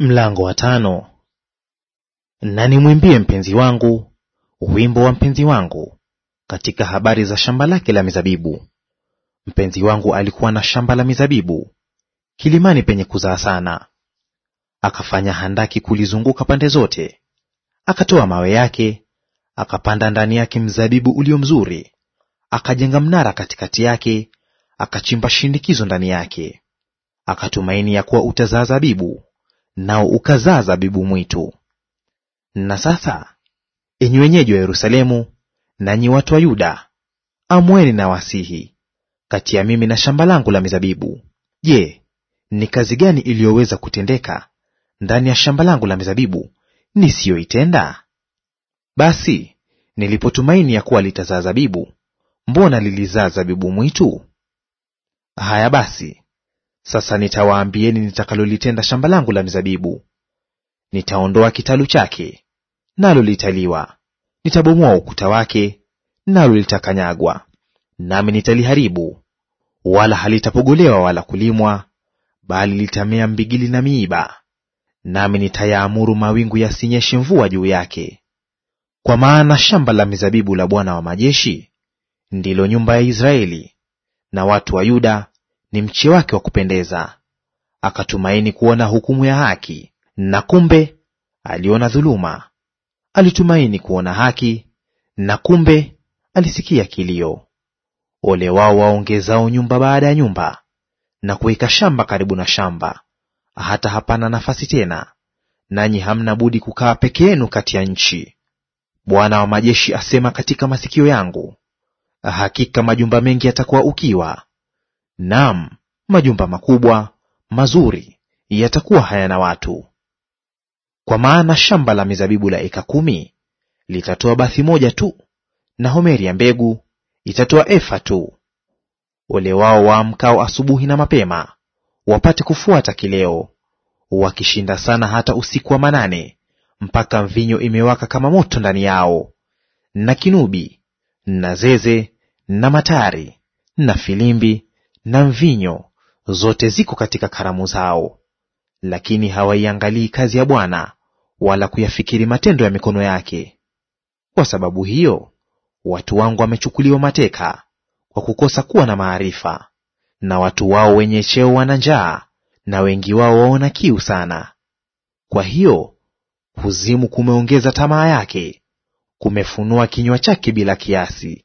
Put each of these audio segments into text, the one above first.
Mlango wa tano. Na nimwimbie mpenzi wangu wimbo wa mpenzi wangu katika habari za shamba lake la mizabibu. Mpenzi wangu alikuwa na shamba la mizabibu kilimani penye kuzaa sana, akafanya handaki kulizunguka pande zote, akatoa mawe yake, akapanda ndani yake mzabibu ulio mzuri, akajenga mnara katikati yake, akachimba shindikizo ndani yake, akatumaini ya kuwa utazaa zabibu nao ukazaa zabibu mwitu. Na sasa, enyi wenyeji wa Yerusalemu, nanyi watu wa Yuda, amweni na wasihi kati ya mimi na shamba langu la mizabibu. Je, ni kazi gani iliyoweza kutendeka ndani ya shamba langu la mizabibu nisiyoitenda? Basi nilipotumaini ya kuwa litazaa zabibu, mbona lilizaa zabibu mwitu? Haya basi, sasa nitawaambieni nitakalolitenda shamba langu la mizabibu Nitaondoa kitalu chake, nalo litaliwa; nitabomoa ukuta wake, nalo litakanyagwa. Nami nitaliharibu, wala halitapogolewa wala kulimwa, bali litamea mbigili na miiba. Nami nitayaamuru mawingu yasinyeshe mvua juu yake. Kwa maana shamba la mizabibu la Bwana wa majeshi ndilo nyumba ya Israeli, na watu wa Yuda ni mche wake wa kupendeza. Akatumaini kuona hukumu ya haki, na kumbe aliona dhuluma. Alitumaini kuona haki, na kumbe alisikia kilio. Ole wao waongezao nyumba baada ya nyumba, na kuweka shamba karibu na shamba, hata hapana nafasi tena; nanyi hamna budi kukaa peke yenu kati ya nchi. Bwana wa majeshi asema katika masikio yangu, hakika majumba mengi yatakuwa ukiwa, Naam, majumba makubwa mazuri yatakuwa hayana watu. Kwa maana shamba la mizabibu la eka kumi litatoa bathi moja tu, na homeri ya mbegu itatoa efa tu. Ole wao waamkao asubuhi na mapema, wapate kufuata kileo, wakishinda sana hata usiku wa manane, mpaka mvinyo imewaka kama moto ndani yao, na kinubi na zeze na matari na filimbi na mvinyo, zote ziko katika karamu zao, lakini hawaiangalii kazi ya Bwana wala kuyafikiri matendo ya mikono yake. Kwa sababu hiyo watu wangu wamechukuliwa mateka kwa kukosa kuwa na maarifa, na watu wao wenye cheo wana njaa, na wengi wao waona kiu sana. Kwa hiyo kuzimu kumeongeza tamaa yake, kumefunua kinywa chake bila kiasi,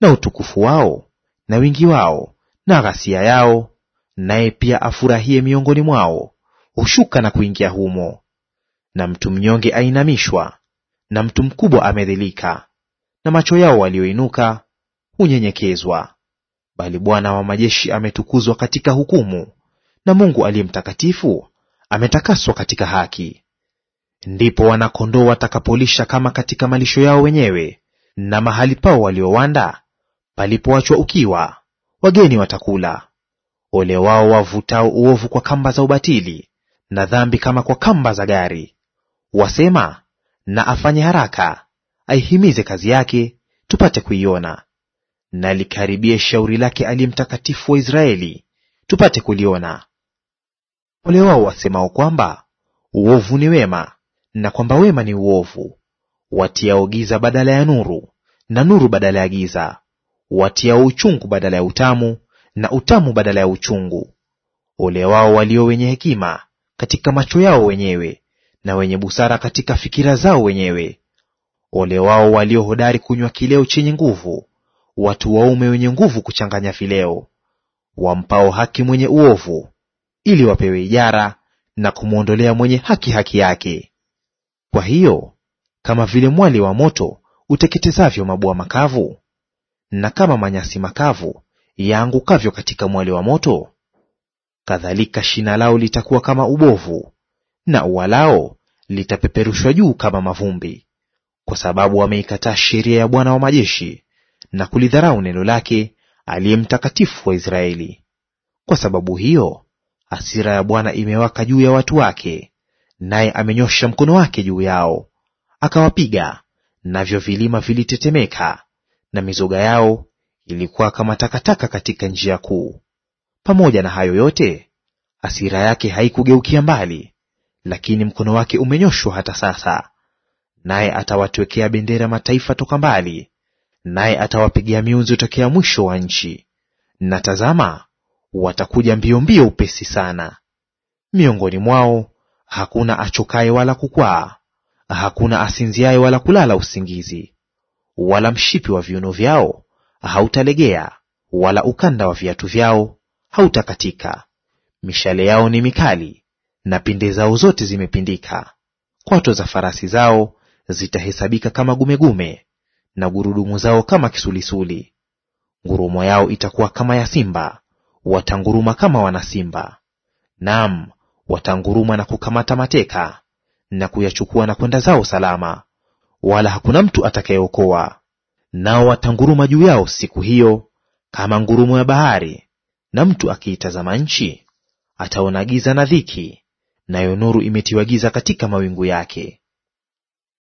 na utukufu wao na wingi wao na ghasia yao, naye pia afurahie miongoni mwao, hushuka na kuingia humo. Na mtu mnyonge ainamishwa, na mtu mkubwa amedhilika, na macho yao walioinuka hunyenyekezwa. Bali Bwana wa majeshi ametukuzwa katika hukumu, na Mungu aliye mtakatifu ametakaswa katika haki. Ndipo wanakondoo watakapolisha kama katika malisho yao wenyewe, na mahali pao waliowanda palipoachwa ukiwa wageni watakula. Ole wao wavutao uovu kwa kamba za ubatili, na dhambi kama kwa kamba za gari. Wasema, na afanye haraka, aihimize kazi yake, tupate kuiona. Na likaribie shauri lake aliye mtakatifu wa Israeli, tupate kuliona. Ole wao wasemao kwamba uovu ni wema, na kwamba wema ni uovu, watiao giza badala ya nuru, na nuru badala ya giza watiao uchungu badala ya utamu na utamu badala ya uchungu. Ole wao walio wenye hekima katika macho yao wenyewe, na wenye busara katika fikira zao wenyewe. Ole wao walio hodari kunywa kileo chenye nguvu, watu waume wenye nguvu kuchanganya vileo, wampao haki mwenye uovu, ili wapewe ijara na kumwondolea mwenye haki haki yake. Kwa hiyo kama vile mwali wa moto uteketezavyo mabua makavu, na kama manyasi makavu yaangukavyo katika mwali wa moto, kadhalika shina lao litakuwa kama ubovu, na ua lao litapeperushwa juu kama mavumbi, kwa sababu wameikataa sheria ya Bwana wa majeshi na kulidharau neno lake, aliye mtakatifu wa Israeli. Kwa sababu hiyo hasira ya Bwana imewaka juu ya watu wake, naye amenyosha mkono wake juu yao, akawapiga, navyo vilima vilitetemeka na mizoga yao ilikuwa kama takataka katika njia kuu. Pamoja na hayo yote, hasira yake haikugeukia mbali, lakini mkono wake umenyoshwa hata sasa. Naye atawatwekea bendera mataifa toka mbali, naye atawapigia miunzi tokea mwisho wa nchi. Na tazama, watakuja mbio mbio upesi sana. Miongoni mwao hakuna achokaye wala kukwaa, hakuna asinziaye wala kulala usingizi wala mshipi wa viuno vyao hautalegea, wala ukanda wa viatu vyao hautakatika. Mishale yao ni mikali, na pinde zao zote zimepindika. Kwato za farasi zao zitahesabika kama gumegume, na gurudumu zao kama kisulisuli. Ngurumo yao itakuwa kama ya simba, watanguruma kama wana simba. Naam, watanguruma na kukamata mateka na kuyachukua na kwenda zao salama wala hakuna mtu atakayeokoa. Nao watanguruma juu yao siku hiyo kama ngurumo ya bahari, na mtu akiitazama nchi ataona giza na dhiki, nayo nuru imetiwa giza katika mawingu yake.